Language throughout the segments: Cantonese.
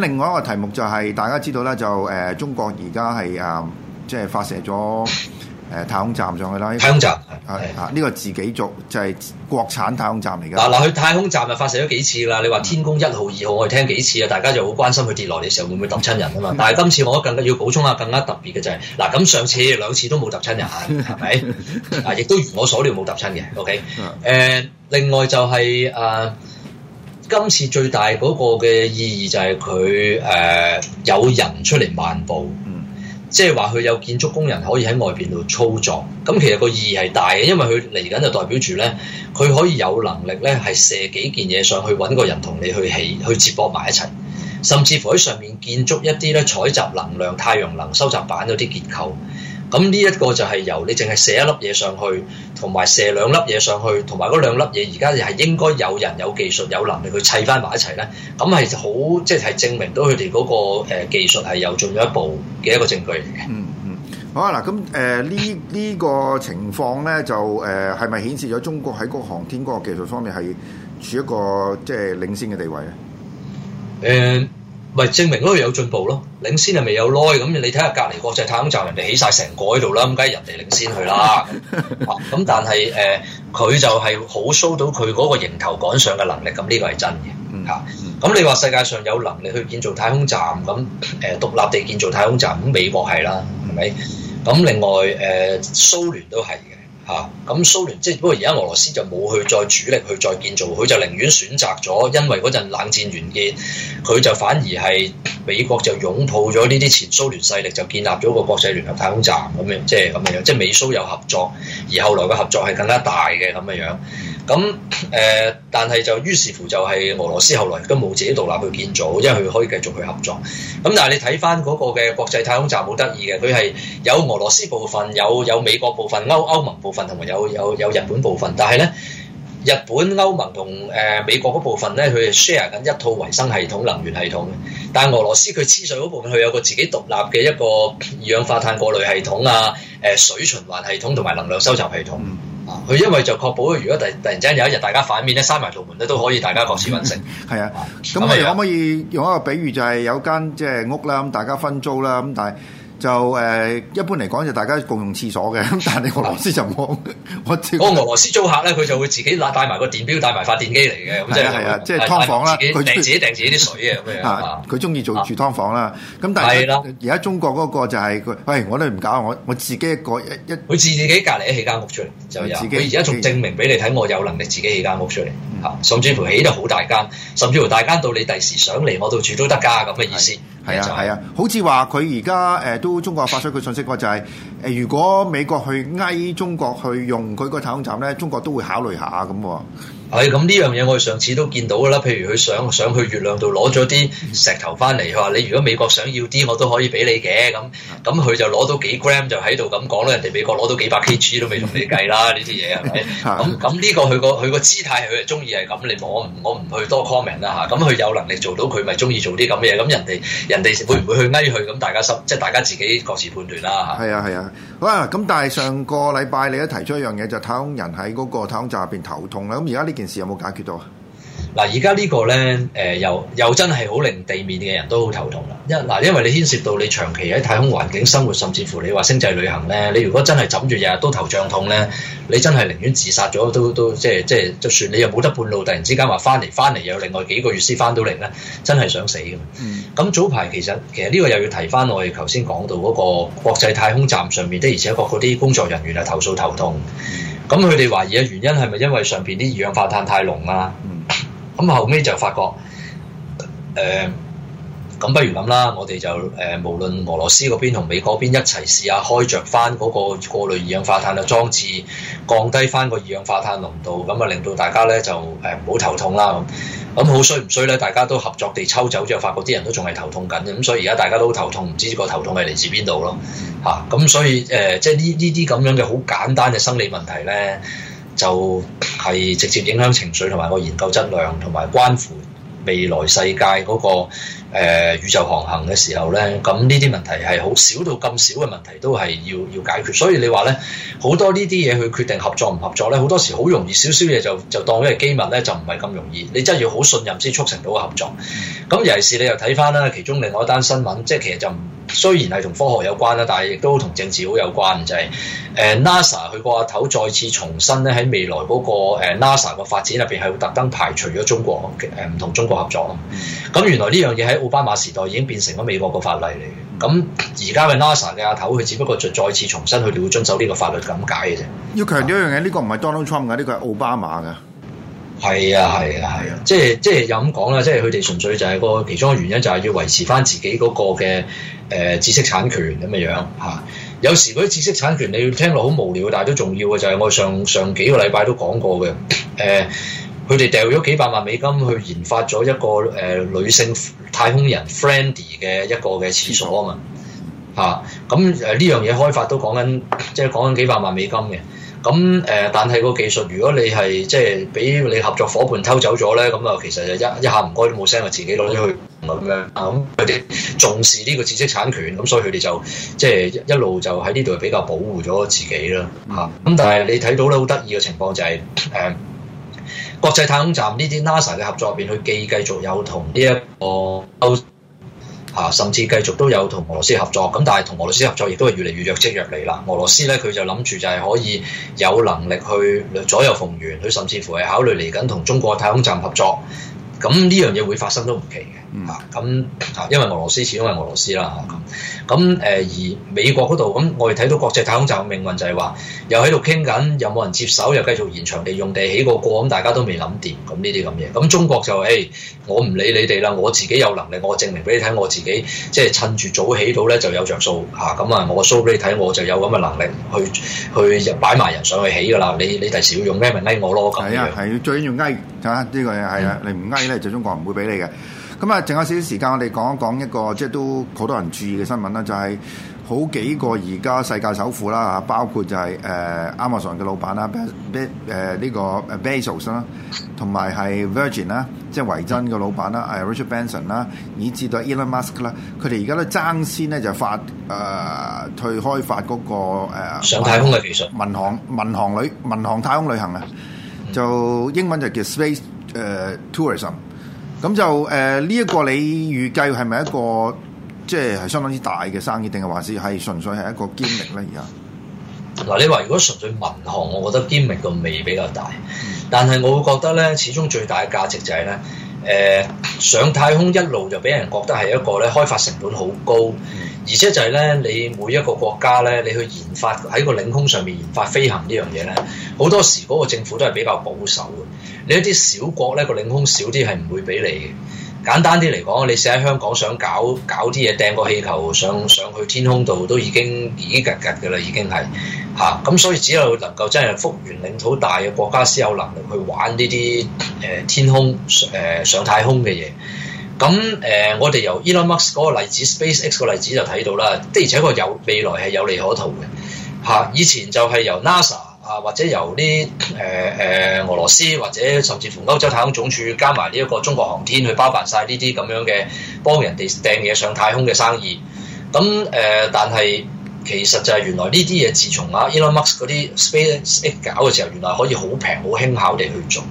另外一個題目就係、是、大家知道咧，就誒、呃、中國而家係啊，即係發射咗誒、呃、太空站上去啦。太空站係啊，呢的、啊這個自己做就係、是、國產太空站嚟嘅。嗱嗱、呃，去太空站啊發射咗幾次啦。你話天宮一號、二號，我哋聽幾次啊，大家就好關心佢跌落嚟嘅時候會唔會揼親人啊嘛。但係今次我更加要補充下更加特別嘅就係、是、嗱，咁上次兩次都冇揼親人，係咪？啊，亦都如我所料冇揼親嘅。OK，誒、呃，另外就係、是、啊。呃呃嗯呃嗯今次最大嗰個嘅意義就係佢誒有人出嚟漫步，即係話佢有建築工人可以喺外邊度操作，咁、嗯、其實個意義係大嘅，因為佢嚟緊就代表住呢，佢可以有能力呢係射幾件嘢上去揾個人同你去起去接駁埋一齊，甚至乎喺上面建築一啲呢採集能量、太陽能收集板嗰啲結構。咁呢一個就係由你淨係射一粒嘢上去，同埋射兩粒嘢上去，同埋嗰兩粒嘢而家係應該有人有技術有能力去砌翻埋一齊咧。咁係好即係證明到佢哋嗰個誒技術係又進咗一步嘅一個證據嚟嘅。嗯嗯，好啊，嗱，咁誒呢呢個情況咧就誒係咪顯示咗中國喺嗰個航天嗰個技術方面係處一個即係、就是、領先嘅地位咧？誒、呃。咪證明嗰度有進步咯，領先係咪有耐咁？你睇下隔離國際太空站，人哋起晒成個喺度啦，咁梗係人哋領先去啦。咁、 啊、但係誒，佢、呃、就係好 show 到佢嗰個迎頭趕上嘅能力，咁呢個係真嘅嚇。咁、啊嗯嗯啊、你話世界上有能力去建造太空站，咁、嗯、誒、呃、獨立地建造太空站，咁、嗯、美國係啦，係咪？咁、嗯、另外誒、呃、蘇聯都係嘅。嚇！咁、啊、蘇聯即係不過而家俄羅斯就冇去再主力去再建造，佢就寧願選擇咗，因為嗰陣冷戰完結，佢就反而係美國就擁抱咗呢啲前蘇聯勢力，就建立咗個國際聯合太空站咁樣樣，即係咁樣，即係美蘇有合作，而後來嘅合作係更加大嘅咁嘅樣。咁誒、嗯，但係就於是乎就係俄羅斯後來都冇自己獨立去建造，因為佢可以繼續去合作。咁但係你睇翻嗰個嘅國際太空站好得意嘅，佢係有俄羅斯部分、有有美國部分、歐歐盟部分同埋有有有日本部分。但係咧，日本歐盟同誒、呃、美國嗰部分咧，佢係 share 緊一套維生系統、能源系統。但係俄羅斯佢黐水嗰部分，佢有個自己獨立嘅一個二氧化碳過濾系統啊、誒水循環系統同埋能量收集系統。佢因為就確保如果第突然之間有一日大家反面咧，閂埋道門咧，都可以大家各自運成。係 啊，咁我哋可唔可以用一個比喻，就係、是、有間即係屋啦，咁大家分租啦，咁但係。就誒，一般嚟講就大家共用廁所嘅，咁但你俄羅斯就冇。我俄羅斯租客咧，佢就會自己嗱帶埋個電表，帶埋發電機嚟嘅，咁即係係啊，即係劏房啦，佢自己訂自己啲水啊佢中意做住劏房啦。咁但係而家中國嗰個就係，喂，我都唔搞，我我自己一個一，佢自己隔離起間屋出嚟就有，佢而家仲證明俾你睇，我有能力自己起間屋出嚟，甚至乎起得好大間，甚至乎大間到你第時想嚟我度住都得㗎，咁嘅意思。係啊係啊，好似話佢而家誒都中國發出佢信息話就係、是、誒、呃，如果美國去壓中國去用佢個太空站呢，中國都會考慮下咁係咁呢樣嘢，我哋上次都見到㗎啦。譬如佢想上，上去月亮度攞咗啲石頭翻嚟，佢話你如果美國想要啲，我都可以俾你嘅。咁咁佢就攞到幾 gram 就喺度咁講啦。人哋美國攞到幾百 kg 都未同你計啦。呢啲嘢係咪？咁咁呢個佢個佢個姿態，佢係中意係咁。你我我唔去多 comment 啦嚇。咁佢有能力做到，佢咪中意做啲咁嘅嘢。咁人哋人哋會唔會去翳佢咁？大家心即係大家自己各自判斷啦嚇。係啊係啊。好啊。咁但係上個禮拜你都提出一樣嘢，就係太空人喺嗰個太空站入邊頭痛啦。咁而家呢？件事有冇解決到啊？嗱，而家呢個呢，誒、呃、又又真係好令地面嘅人都好頭痛啦。一嗱，因為你牽涉到你長期喺太空環境生活，甚至乎你話星際旅行呢，你如果真係枕住日日都頭脹痛呢，你真係寧願自殺咗都，都即係即係，就算你又冇得半路突然之間話翻嚟，翻嚟有另外幾個月先翻到嚟呢，真係想死嘅嘛。咁、嗯、早排其實其實呢個又要提翻我哋頭先講到嗰個國際太空站上面的，而且確嗰啲工作人員啊投訴頭痛。嗯咁佢哋懷疑嘅原因係咪因為上邊啲二氧化碳太濃啊？咁 後尾就發覺，誒、呃。咁不如咁啦，我哋就誒、呃、無論俄羅斯嗰邊同美國嗰邊一齊試下開着翻嗰個過濾二氧化碳嘅裝置，降低翻個二氧化碳濃度，咁啊令到大家咧就誒唔好頭痛啦咁。好衰唔衰咧？大家都合作地抽走之後，發覺啲人都仲係頭痛緊嘅，咁所以而家大家都頭痛，唔知個頭痛係嚟自邊度咯嚇。咁、啊、所以誒、呃，即係呢呢啲咁樣嘅好簡單嘅生理問題咧，就係、是、直接影響情緒同埋個研究質量，同埋關乎未來世界嗰、那個。誒、呃、宇宙航行嘅時候咧，咁呢啲問題係好少到咁少嘅問題都係要要解決，所以你話咧，好多呢啲嘢去決定合作唔合作咧，好多時好容易少少嘢就就當一個機密咧，就唔係咁容易，你真係要好信任先促成到個合作。咁、嗯、尤其是你又睇翻啦，其中另外一單新聞，即係其實就雖然係同科學有關啦，但係亦都同政治好有關，就係、是。誒 NASA 佢個阿頭再次重申，咧喺未來嗰個 NASA 個發展入邊係會特登排除咗中國誒唔同中國合作。咁原來呢樣嘢喺奧巴馬時代已經變成咗美國個法例嚟嘅。咁而家嘅 NASA 嘅阿頭佢只不過就再次重申，佢哋會遵守呢個法律咁解嘅啫。要強調一樣嘢，呢個唔係 Donald Trump 㗎，呢個係奧巴馬㗎。係啊，係啊，係啊，啊，即係即係有咁講啦，即係佢哋純粹就係個其中嘅原因就係要維持翻自己嗰個嘅誒、呃、知識產權咁嘅樣嚇。啊。有時嗰啲知識產權你要聽落好無聊，但係都重要嘅就係我上上幾個禮拜都講過嘅，誒、呃，佢哋掉咗幾百萬美金去研發咗一個誒、呃、女性太空人 friendly 嘅一個嘅廁所啊嘛，嚇，咁誒呢樣嘢開發都講緊，即係講緊幾百萬美金嘅，咁誒、呃，但係個技術如果你係即係俾你合作伙伴偷走咗咧，咁啊其實一一下唔該都冇聲，自己攞咗去。咁樣啊！咁佢哋重視呢個知識產權，咁所以佢哋就即係、就是、一路就喺呢度比較保護咗自己啦。嚇、啊、咁，但係你睇到咧，好得意嘅情況就係、是、誒、啊、國際太空站呢啲 NASA 嘅合作入邊，佢既繼續有同呢一個歐嚇、啊，甚至繼續都有同俄羅斯合作。咁但係同俄羅斯合作亦都係越嚟越若即若離啦。俄羅斯咧，佢就諗住就係可以有能力去左右逢源，佢甚至乎係考慮嚟緊同中國嘅太空站合作。咁呢樣嘢會發生都唔奇。啊，咁啊、嗯，因為俄羅斯始終係俄羅斯啦嚇咁，咁、啊、誒而美國嗰度咁，我哋睇到國際太空站嘅命運就係話，又喺度傾緊有冇人接手，又繼續延長地用地起個過咁、嗯，大家都未諗掂咁呢啲咁嘢。咁、啊、中國就誒、哎，我唔理你哋啦，我自己有能力，我證明俾你睇，我自己即係趁住早起到咧就有着數嚇。咁啊，啊，我 show 俾你睇，我就有咁嘅能力去去，去擺埋人上去起㗎啦。你你第時要用咩咪翳我咯咁。係啊，係最緊要翳呢、呢個嘢係啊，你唔翳咧，就中國唔會俾你嘅。咁啊，剩下少少時間我哋講一講一個即係都好多人注意嘅新聞啦，就係、是、好幾個而家世界首富啦，包括就係、是、誒、呃、Amazon 嘅老闆啦，誒呢、呃這個誒 Bezos 啦，同埋係 Virgin 啦，即係維珍嘅老闆啦，Richard Benson 啦，以至到 Elon Musk 啦，佢哋而家都爭先咧就發誒，去、呃、開發嗰、那個誒、呃、上太空嘅技術，民航民航旅、民航太空旅行啊，嗯、就英文就叫 Space 誒、呃、Tourism。Tourism, 咁就誒呢、呃這個、一個你預計係咪一個即係係相當之大嘅生意，定係還是係純粹係一個堅力咧？而家嗱，你話如果純粹民航，我覺得堅力個味比較大，嗯、但係我會覺得咧，始終最大嘅價值就係咧。誒、呃、上太空一路就俾人覺得係一個咧開發成本好高，而且就係咧你每一個國家咧，你去研發喺個領空上面研發飛行呢樣嘢咧，好多時嗰個政府都係比較保守嘅。你一啲小國咧，個領空少啲，係唔會俾你嘅。簡單啲嚟講，你試喺香港想搞搞啲嘢掟個氣球上上，上去天空度，都已經已經拮拮嘅啦，已經係嚇。咁、啊、所以只有能夠真係幅員領土大嘅國家先有能力去玩呢啲誒天空誒、呃、上太空嘅嘢。咁、啊、誒，我哋由 Elon Musk 嗰個例子 SpaceX 個例子就睇到啦，的而且確有未來係有利可圖嘅嚇、啊。以前就係由 NASA 啊，或者由啲誒誒。呃呃俄羅斯或者甚至乎歐洲太空總署加埋呢一個中國航天去包辦晒呢啲咁樣嘅幫人哋掟嘢上太空嘅生意。咁誒、呃，但係其實就係原來呢啲嘢，自從啊、e、Elon Musk 嗰啲 Space X 搞嘅時候，原來可以好平、好輕巧地去做。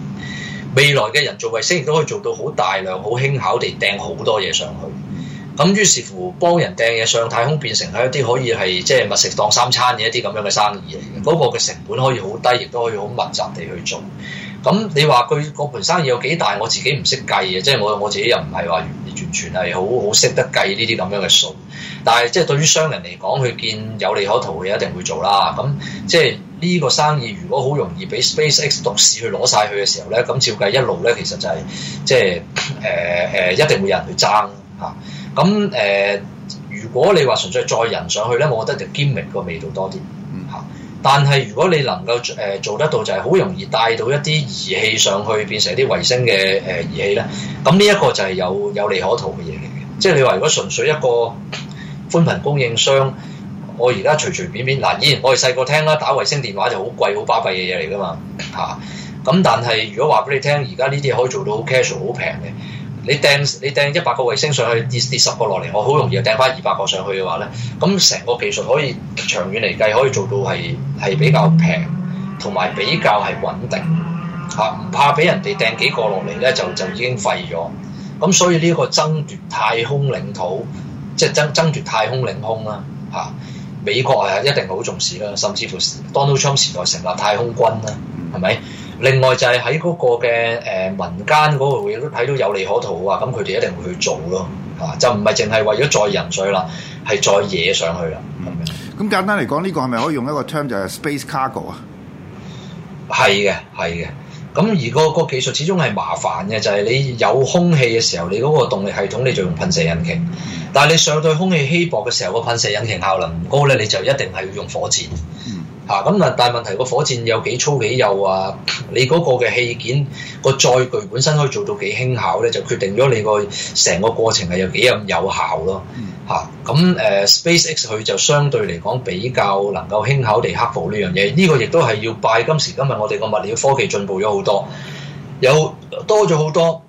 未來嘅人造衛星亦都可以做到好大量、好輕巧地掟好多嘢上去。咁於是乎幫人掟嘢上太空變成係一啲可以係即係物食當三餐嘅一啲咁樣嘅生意嚟嘅，嗰個嘅成本可以好低，亦都可以好密集地去做。咁你話佢個盤生意有幾大？我自己唔識計嘅，即係我我自己又唔係話完全係好好識得計呢啲咁樣嘅數。但係即係對於商人嚟講，佢見有利可圖，佢一定會做啦。咁即係呢個生意，如果好容易俾 SpaceX 獨市去攞晒佢嘅時候咧，咁照計一路咧，其實就係即係誒誒，一定會有人去爭嚇。咁誒、呃，如果你話純粹載人上去咧，我覺得就 gimmick 個味道多啲。嗯嚇，但係如果你能夠誒做、呃、做得到，就係好容易帶到一啲儀器上去，變成一啲衛星嘅誒儀器咧。咁呢一個就係有有利可圖嘅嘢嚟嘅。即係你話如果純粹一個寬頻供應商，我而家隨隨便便嗱，以前我哋細個聽啦，打衛星電話就好貴好巴閉嘅嘢嚟㗎嘛嚇。咁、啊、但係如果話俾你聽，而家呢啲可以做到 casual 好平嘅。你掟你掟一百個衛星上去，跌跌十個落嚟，我好容易就掟返二百個上去嘅話咧，咁成個技術可以長遠嚟計可以做到係係比較平，同埋比較係穩定嚇，唔、啊、怕俾人哋掟幾個落嚟咧就就已經廢咗。咁所以呢個爭奪太空領土，即係爭爭奪太空領空啦、啊、嚇、啊，美國係、啊、一定好重視啦、啊，甚至乎 Donald Trump 時代成立太空軍啦、啊，係咪？另外就係喺嗰個嘅誒民間嗰個嘢會睇到有利可圖啊，咁佢哋一定會去做咯，嚇、啊、就唔係淨係為咗載人水，所以啦，係載嘢上去啦，咁、嗯、簡單嚟講，呢、呢個係咪可以用一個 term 就係 space cargo 啊？係嘅，係嘅。咁而嗰個技術始終係麻煩嘅，就係、是、你有空氣嘅時候，你嗰個動力系統你就用噴射引擎；但係你上對空氣稀薄嘅時候，個噴射引擎效能唔高呢，你就一定係要用火箭。嗯。嚇咁啊！但係問題個火箭有幾粗幾幼啊？你嗰個嘅器件、嗰個載具本身可以做到幾輕巧咧，就決定咗你個成個過程係有幾咁有效咯。嚇、啊、咁誒、啊、SpaceX 佢就相對嚟講比較能夠輕巧地克服呢樣嘢。呢、呢個亦都係要拜今時今日我哋個物料科技進步咗好多，有多咗好多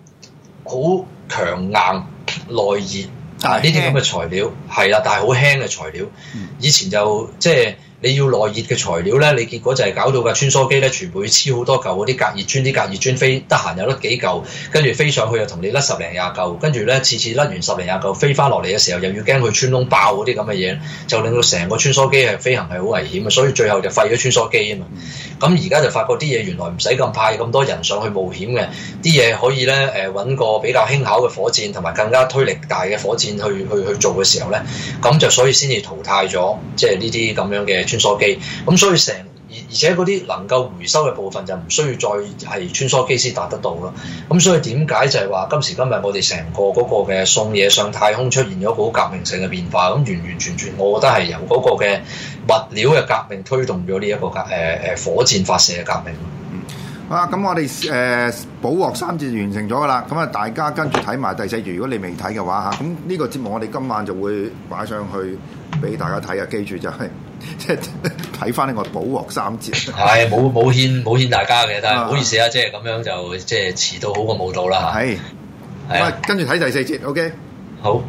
好強硬耐熱輕啊！呢啲咁嘅材料係啦，但係好輕嘅材料。以前就即係。你要耐熱嘅材料呢，你結果就係搞到個穿梭機呢，全部要黐好多嚿嗰啲隔熱磚，啲隔熱磚飛，得閒又甩幾嚿，跟住飛上去又同你甩十零廿嚿，跟住呢，次次甩完十零廿嚿飛翻落嚟嘅時候又要驚佢穿窿爆嗰啲咁嘅嘢，就令到成個穿梭機係飛行係好危險嘅，所以最後就廢咗穿梭機啊嘛。咁而家就發覺啲嘢原來唔使咁派咁多人上去冒險嘅，啲嘢可以呢，誒揾個比較輕巧嘅火箭，同埋更加推力大嘅火箭去去去做嘅時候呢，咁就所以先至淘汰咗即係呢啲咁樣嘅。穿梭機咁、嗯，所以成而而且嗰啲能夠回收嘅部分就唔需要再係穿梭機先達得到咯。咁、嗯、所以點解就係、是、話今時今日我哋成個嗰個嘅送嘢上太空出現咗個革命性嘅變化？咁、嗯、完完全全，我覺得係由嗰個嘅物料嘅革命推動咗呢一個革誒誒火箭發射嘅革命嗯，啊咁我哋誒保鑊三節完成咗㗎喇，咁、嗯、啊大家跟住睇埋第四節，如果你未睇嘅話吓，咁、啊、呢個節目我哋今晚就會擺上去俾大家睇嘅，記住就係、是。即係睇翻呢個補鑊三節，係冇冇欠冇欠大家嘅，但係唔、啊、好意思啊，即係咁樣就即係、就是、遲到好過冇到啦嚇。係是，係、啊、跟住睇第四節，OK，好。